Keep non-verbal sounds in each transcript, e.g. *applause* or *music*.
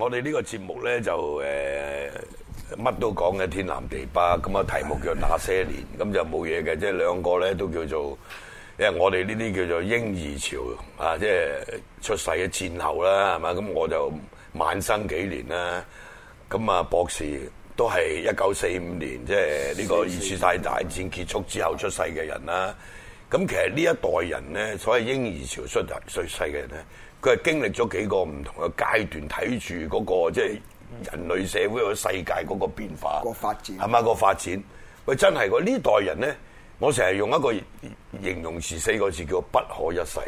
我哋呢個節目咧就誒乜、呃、都講嘅天南地北，咁啊題目叫那些年，咁就冇嘢嘅，即係兩個咧都叫做，因為我哋呢啲叫做嬰兒潮啊，即係出世嘅戰後啦，係嘛？咁我就晚生幾年啦，咁啊博士都係一九四五年，即係呢個二次世界大戰結束之後出世嘅人啦。咁其實呢一代人咧，所謂嬰兒潮出世、出世嘅人咧。佢係經歷咗幾個唔同嘅階段，睇住嗰個即係人類社會嗰個世界嗰個變化、嗯，個發展係咪個發展？喂，真係個呢代人咧，我成日用一個形容詞四個字叫不可一世。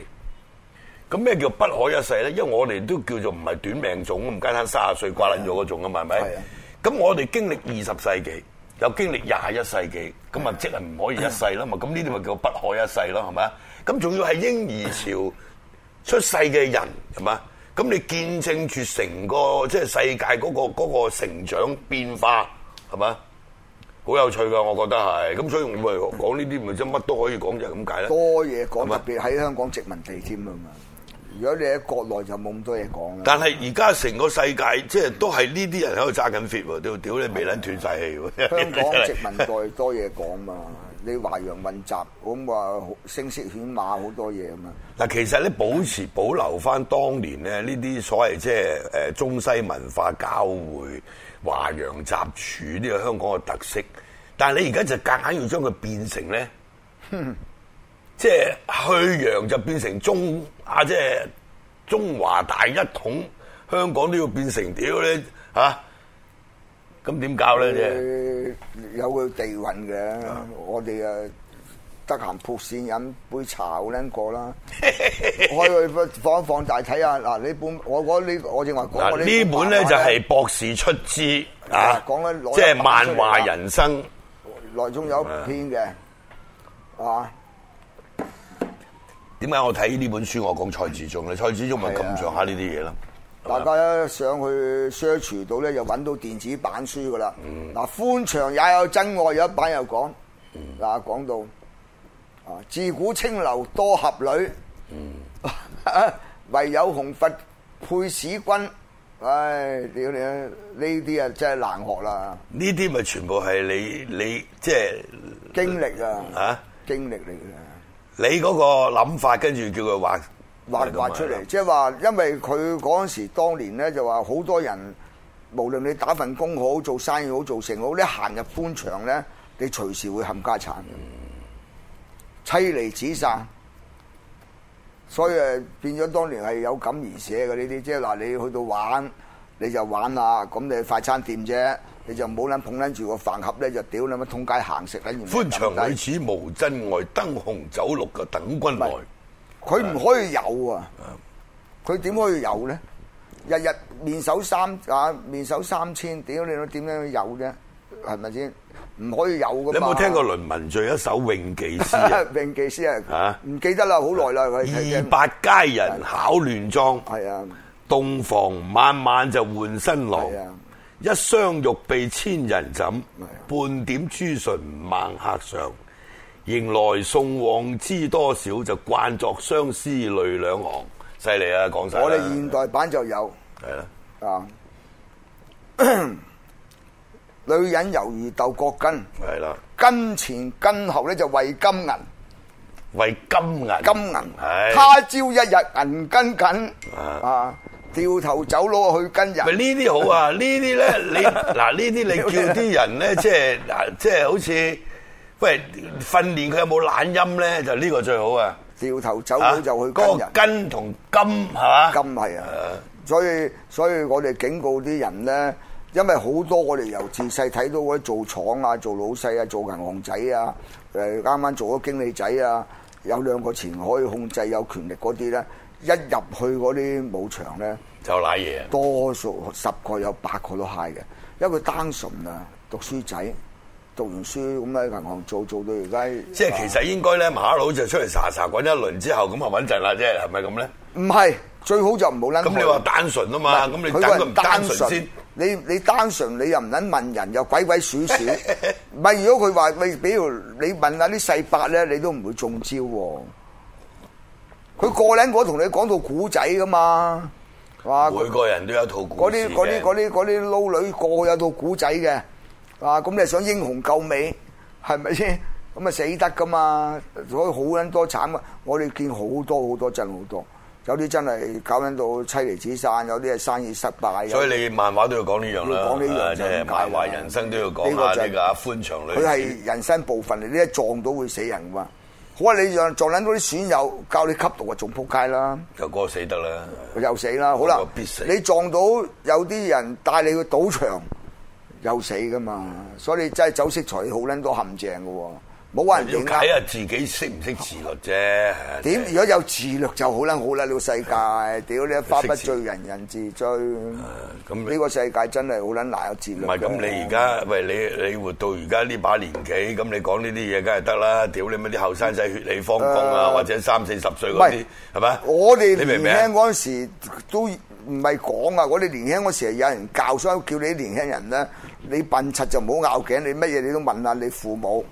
咁咩叫不可一世咧？因為我哋都叫做唔係短命種，唔計三十歲掛撚咗嗰種啊嘛，係咪？咁我哋經歷二十世紀，又經歷廿一世紀，咁啊即係唔可以一世啦嘛，咁呢啲咪叫不可一世咯，係咪啊？咁仲要係嬰兒潮。出世嘅人係嘛？咁你見證住成個即係世界嗰、嗰個嗰個成長變化係嘛？好有趣噶，我覺得係。咁所以咪講呢啲咪即係乜都可以講就係咁解啦。多嘢講，特別喺香港殖民地添啊嘛！如果你喺國內就冇咁多嘢講啦。但係而家成個世界即係都係呢啲人喺度揸緊 fit 喎，屌屌你未撚斷晒氣喎！香港殖民地多嘢講嘛。 *laughs* 你華洋混雜，咁話聲色犬馬好多嘢啊嘛！嗱，其實咧保持保留翻當年咧，呢啲所謂即係中西文化交匯、華洋雜處呢、呢個香港嘅特色，但係你而家就夾硬要將佢變成咧，即 *laughs* 係去洋就變成中啊，即、就、係、係、中華大一統，香港都要變成屌咧嚇咁點搞咧？你有個地運嘅，我哋啊得閒撲線飲杯茶好撚過啦。我 *laughs* 哋放一放大睇下嗱，呢本我講呢，我正話講呢本咧就係博士出資啊，講咧即係漫畫人生內中有一篇嘅啊。點解我睇呢本書？我講蔡志忠啦，蔡志忠咪咁上下呢啲嘢啦。大家一上去 search 到咧，又揾到電子版書噶啦。嗱、嗯，歡場也有真愛，有一版又講嗱，講、嗯、到啊，自古清流多俠女，嗯、 *laughs* 唯有紅拂配使君。唉，屌你呢啲啊真係難學啦。呢啲咪全部係你你即係、就是、經歷啊，啊，經歷嚟嘅。你嗰個諗法，跟住叫佢話好多個挑戰,例如當年就話好多人無論你打份工好做生意好做成好,你行入官場你隨時會冚家產。佢唔可以有啊！佢點可以有咧？日日面首三啊，面首三千，屌你老點樣有啫？係咪先？唔可以有㗎嘛！你有冇聽過《倫文敘》一首《詠妓詩》啊？詠妓詩啊！嚇！唔記得啦，好耐啦。二八佳人巧亂裝，係啊！洞房晚晚就換新郎，一雙玉臂千人枕，半點朱唇萬客上。迎來送往知多少，就慣作相思淚兩行。犀利啊！講晒，我哋現代版就有係啦啊！女人猶如斗國根，係啦，跟前跟後咧就為金銀，為金銀，金銀，係他朝一日銀根緊啊，掉頭走佬去跟人。咪呢啲好啊？呢啲咧，你嗱呢啲你叫啲人咧，即係嗱，即係好似。喂，訓練佢有冇懶音咧？就呢個最好啊！掉頭走佬就去嗰個根同金，係嘛？金係啊！所以所以我哋警告啲人咧，因為好多我哋由自細睇到嗰啲做廠啊、做老細啊、做銀行仔啊，誒啱啱做咗經理仔啊，有兩個錢可以控制、有權力嗰啲咧，一入去嗰啲舞場咧，就瀨嘢。多數十個有八個都 high 嘅，因為佢單純啊，讀書仔。讀完書咁喺銀行做，做到而家。即係其實應該咧，馬佬就出嚟查查滾一輪之後，咁啊穩陣啦，即係係咪咁咧？唔係，最好就唔好諗。咁你話單純啊嘛？咁你等佢唔單純先。你你單純，你又唔捻問人，又鬼鬼祟祟。唔係，如果佢話，你比如你問下啲細伯咧，你都唔會中招。佢個零我同你講套古仔噶嘛，係嘛？每個人都有套。嗰啲嗰啲嗰啲嗰啲撈女個個有套古仔嘅。啊，咁你想英雄救美，係咪先？咁啊死得噶嘛，所以好撚多慘啊！我哋見好多好多真好多，有啲真係搞撚到妻離子散，有啲係生意失敗。所以你漫畫都要講呢樣啦，就係漫話人生都要講下呢個啊、就是，歡場裏面。佢係人生部分嚟，你一撞到會死人噶嘛？好啊，你撞撞撚到啲損友，教你吸毒啊，仲仆街啦！就哥死得啦，又死啦！好啦、必死，你撞到有啲人帶你去賭場。有死噶嘛，所以真係酒色財好撚多陷阱噶喎，冇話人哋要睇下自己識唔識自律啫。點如果有自律就能好撚好撚老世界，屌你一花不醉人人自醉。咁、嗯、呢、呢個世界真係好撚難有自律。唔係咁，你而家喂你你活到而家呢把年紀，咁你講呢啲嘢梗係得啦。屌你咪啲後生仔血氣方剛啊，或者三四十歲嗰啲係咪？我哋你明唔明？嗰時都。唔係講啊！我哋年輕嗰時係有人教，所以叫你啲年輕人咧，你笨柒就唔好拗頸，你乜嘢你都問下你父母。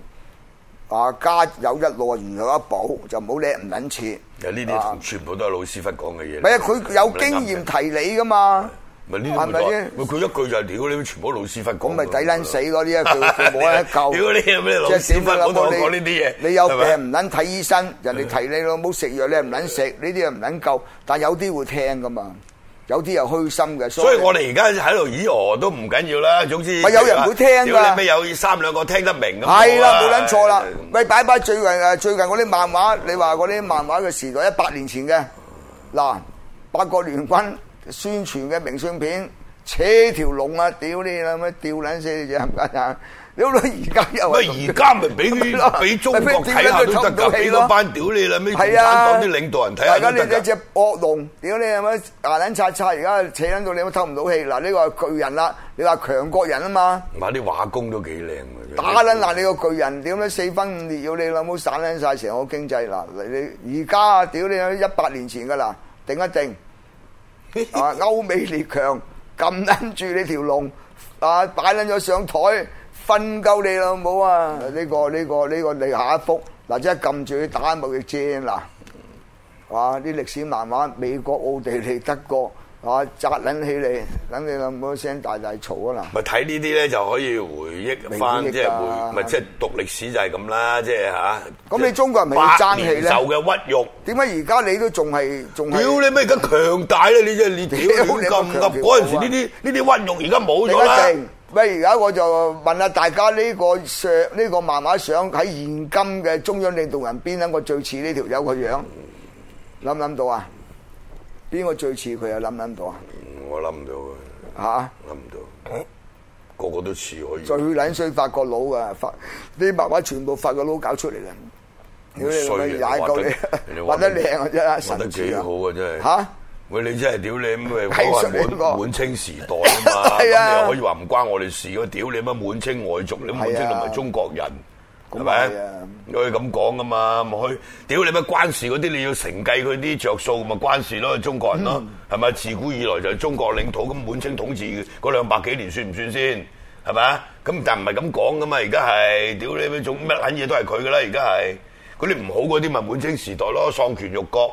啊，家有一老，如有一寶，就唔好叻唔撚切。啊！呢啲全部都係老師傅講嘅嘢。咪啊，佢有經驗提你噶嘛？咪呢啲咪講？咪佢一句就係屌！你全部老師傅講咪抵撚死咯！呢一句父母一嚿屌你係咩老師？即係少翻講講呢啲嘢。你有病唔撚睇醫生，人哋提你咯，冇食藥你又唔撚食，呢啲又唔撚救。但係有啲會聽噶嘛。有啲又虛心嘅，所以我哋而家喺度咦哦都唔緊要啦，總之咪有人會聽㗎。屌你咩有三兩個聽得明咁？係啦，冇撚錯啦。喂，擺擺最近誒，最近嗰啲漫畫，你話嗰啲漫畫嘅時代一百年前嘅，嗱，八國聯軍宣傳嘅明信片，扯條龍啊！屌你啦咩？吊撚死你隻冚家鏟！屌你！而家又咪而家咪俾咯，俾中國睇下都得噶，俾嗰班屌你啦，咩共產黨啲領導人睇下都得噶。而家你只隻惡龍，屌你係咪牙撚擦擦？而家扯撚到你都透唔到氣。嗱，呢個係巨人啦，你話強國人啊嘛。嗱，啲畫工都幾靚嘅。打撚爛你個巨人，屌你四分五裂，要你老母散撚曬成個經濟。嗱，你而家屌你啊！一百年前噶啦，定一定啊！歐美列強撳撚住你條龍，啊擺撚咗上台。瞓夠你老母啊！呢個呢個呢個你下一幅嗱，即係撳住去打貿易戰嗱，係嘛啲歷史漫畫，美國、奧地利、德國，啊扎捻起嚟，等你老母聲大大嘈啊嗱！咪睇呢啲咧就可以回憶翻，即係回憶咪即係讀歷史就係咁啦，即係吓。咁你中國人咪爭氣咧？百年受嘅屈辱，點解而家你都仲係仲？屌你咩咁強大咧？你即係你點解咁咁？嗰陣時呢啲呢啲屈辱而家冇咗啦。喂，而家我就問下大家呢、呢個上呢、呢個漫畫相喺現今嘅中央領導人邊、嗯，一個最似呢條友個樣，諗唔諗到啊？邊個最似佢又諗唔諗到啊？我諗唔到啊！嚇？諗唔到？個個都似我，最撚衰發個腦啊！發啲漫畫全部發個腦搞出嚟嘅。你衰啊！畫得靚啊，真係神似啊！嚇～喂，你真係屌你乜？係啊！滿清時代啊嘛，咁、啊、你又可以話唔關我哋事。屌你乜滿清外族，你滿清都唔係中國人，係咪、啊？可以咁講噶嘛？去屌你乜關事嗰啲，你要承繼佢啲着數，咪、就是、關事咯？中國人咯，係咪？自古以來就係中國領土，咁滿清統治嗰兩百幾年算唔算先？係咪啊？咁但唔係咁講噶嘛？而家係屌你乜種乜撚嘢都係佢噶啦，而家係嗰啲唔好嗰啲咪滿清時代咯，喪權辱國，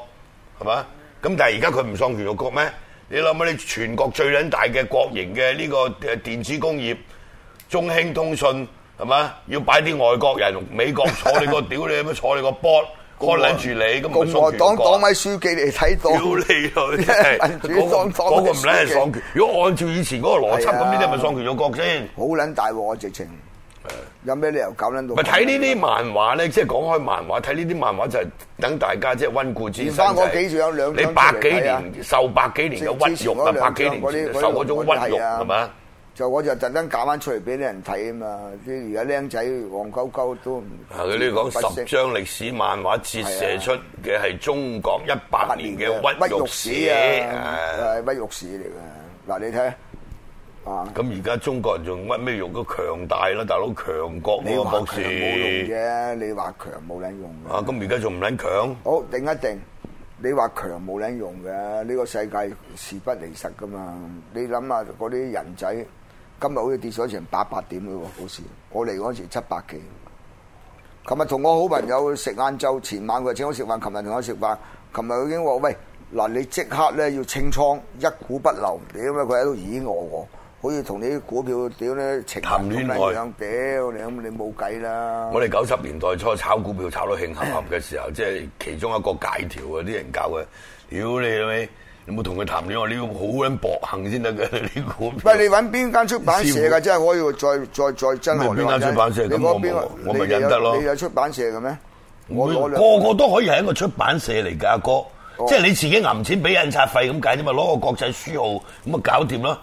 係咪啊？咁但係而家佢唔喪權辱國咩？你諗下，你全國最撚大嘅國營嘅呢個誒電子工業，中興通訊係嘛？要擺啲外國人、美國坐你個屌你咁坐你個波，過嚟住你咁唔喪權。黨委書記嚟睇到屌你啊！嗰、那個嗰、那個唔靚喪權。如果按照以前嗰個邏輯，咁呢啲咪喪權辱國先？好撚大喎我直情！有咩理由搞捻到？咪睇呢啲漫畫咧？即係講開漫畫，睇呢啲漫畫就係等大家即係温故知新。我幾兆有兩，你百幾年、啊、受百幾年嘅屈辱啊！百幾年那那那受嗰種屈辱，係嘛？就、啊啊、我就特登搞翻出嚟俾啲人睇啊嘛！即係而家僆仔黃鳩鳩都啊！佢呢講十張歷史漫畫折射出嘅係中國一百年嘅屈辱史啊！係屈辱史嚟嘅，嗱、啊啊啊、你睇。咁而家中國人仲乜咩用都強大啦，大佬強國。你話強冇用啫，你話強冇卵用。啊，咁而家仲唔卵強？好，定一定。你話強冇卵用嘅，呢個世界事不離實噶嘛。你諗下嗰啲人仔今日好似跌咗成八百點喎，好似。我嚟嗰陣時七百幾。琴日同我好朋友食晏晝，前晚佢請我食飯，琴日同我食飯，琴日佢已經話：喂，嗱你即刻咧要清倉，一股不留。因為佢喺度惹我，我。可以同你啲股票屌咧情唔情啊？屌你你冇計啦！我哋九十年代初炒股票炒到興合合嘅時候，即係其中一個解條啊！啲人教嘅，屌你係有冇同佢談戀愛？你要好搵薄幸先得嘅呢個。喂，你搵邊間出版社噶？即係我要再再再真學出版社？邊我咪認得咯。你有出版社嘅咩？我個個都可以係一個出版社嚟嘅阿哥，哦、即係你自己揞錢俾印刷費咁解啫嘛，攞、就是、個國際書號咁啊搞掂咯。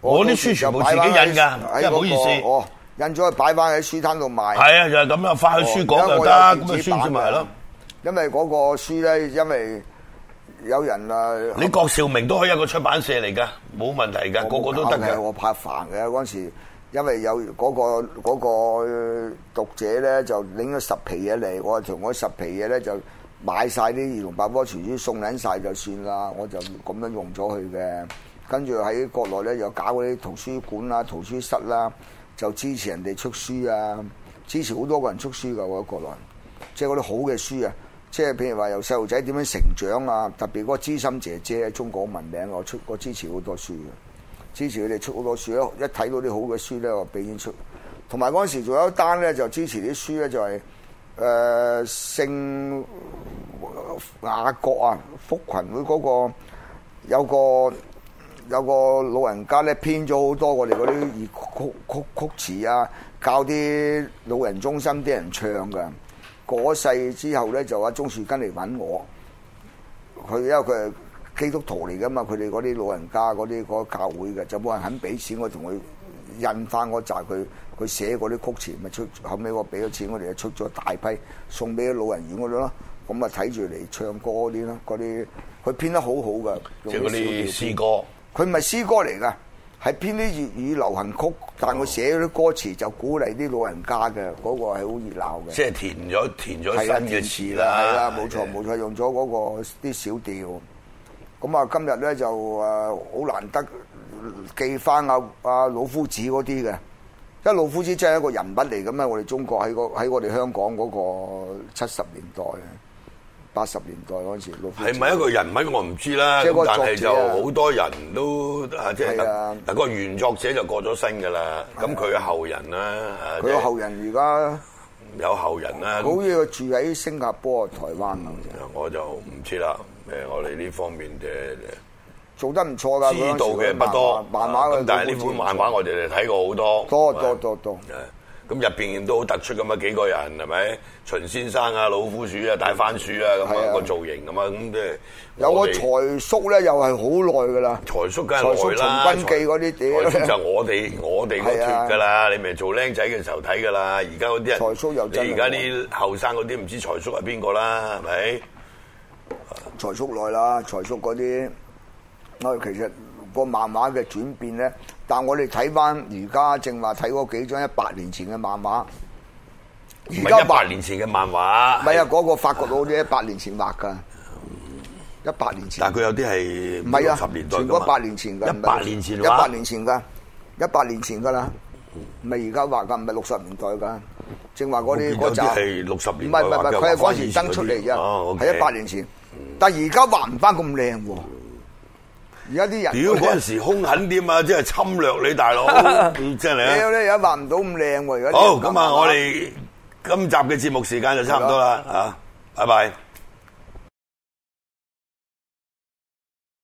我啲書全部自己印噶，真係唔好意思。印咗去擺翻喺書攤度賣。係啊，就係咁樣，返去書館就得，咁就書咪埋咯。因為嗰個書咧，因為有人啊，你郭兆明都可以一個出版社嚟噶，冇問題噶，個個都得嘅。我怕煩嘅嗰時，因為有嗰個嗰個讀者咧，就拎咗十皮嘢嚟，我同我十皮嘢咧就買晒啲《兒童百科全書》送緊晒就算啦，我就咁樣用咗佢嘅。跟住喺國內咧，又搞嗰啲圖書館啊、圖書室啦，就支持人哋出書啊！支持好多個人出書噶，喺國內即係嗰啲好嘅書啊！即係譬如話由細路仔點樣成長啊，特別嗰個知心姐姐，中國文名我出過支持好多書嘅，支持佢哋出好多書啊！一睇到啲好嘅書咧，我俾錢出。同埋嗰陣時仲有一單咧，就支持啲書咧，就係、是、誒、呃、聖亞國啊，福群會嗰個有個。有有個老人家咧編咗好多我哋嗰啲粵曲曲曲詞啊，教啲老人中心啲人唱噶。過世之後咧就阿鍾樹根嚟揾我，佢因為佢係基督徒嚟噶嘛，佢哋嗰啲老人家嗰啲嗰教會嘅就冇人肯俾錢我同佢印翻嗰扎佢佢寫嗰啲曲詞咪出，後尾我俾咗錢我哋就出咗大批送俾啲老人院嗰度咯，咁啊睇住嚟唱歌啲咯，嗰啲佢編得好好噶，即係啲詩歌。佢唔係詩歌嚟㗎，係編啲粵語流行曲，但係我寫嗰啲歌詞就鼓勵啲老人家嘅，嗰個係好熱鬧嘅。即係填咗填咗新嘅詞啦，係啦，冇錯冇錯，用咗嗰個啲小調。咁啊，今日咧就誒好難得記返阿阿老夫子嗰啲嘅，因為老夫子真係一個人物嚟咁啊！我哋中國喺個喺我哋香港嗰個七十年代嘅。八十年代嗰陣時，係咪一個人物我唔知啦，就是。但係就好多人都，即係嗰個原作者就過咗身㗎啦。咁佢嘅後人啦，佢嘅，就是，後人而家有後人啦。好似住喺新加坡、台灣咁，嗯，我就唔知啦。誒、嗯，我哋呢方面嘅做得唔錯㗎。知道嘅不多，咁但係呢本漫畫我哋睇過好多，多多多多。多多咁入邊都好突出咁啊！幾個人係咪？秦先生啊、老虎鼠啊、大番薯啊，咁樣個造型咁啊，咁即係有個財叔咧，又係好耐噶啦。財叔梗係耐啦。財叔《從軍記》嗰啲就我哋我哋嗰團噶啦，你咪做僆仔嘅時候睇噶啦。而家嗰啲人，又你而家啲後生嗰啲唔知財叔係邊個啦？係咪？財叔耐啦，財叔嗰啲，我其實個漫畫嘅轉變咧，但我哋睇翻而家正話睇嗰幾張一百年前嘅漫畫，而家一百年前嘅漫畫，唔係啊，嗰個發覺到好似一百年前畫噶，一百年前，但係佢有啲係唔係啊，十年代，年代，全嗰八年前嘅，一百年前，一百年前噶，一百年前噶啦，唔係而家畫噶，唔係六十年代噶，正話嗰啲嗰集係六十年代唔係，佢係嗰時登出嚟嘅，係一百年前，但係而家畫唔翻咁靚。而家啲人，屌嗰陣時凶狠啲嘛，即係侵略你大佬，咁即係你有咧，而家畫唔到咁靚喎。而家好，咁啊，我哋今集嘅節目時間就差唔多啦，吓，拜拜。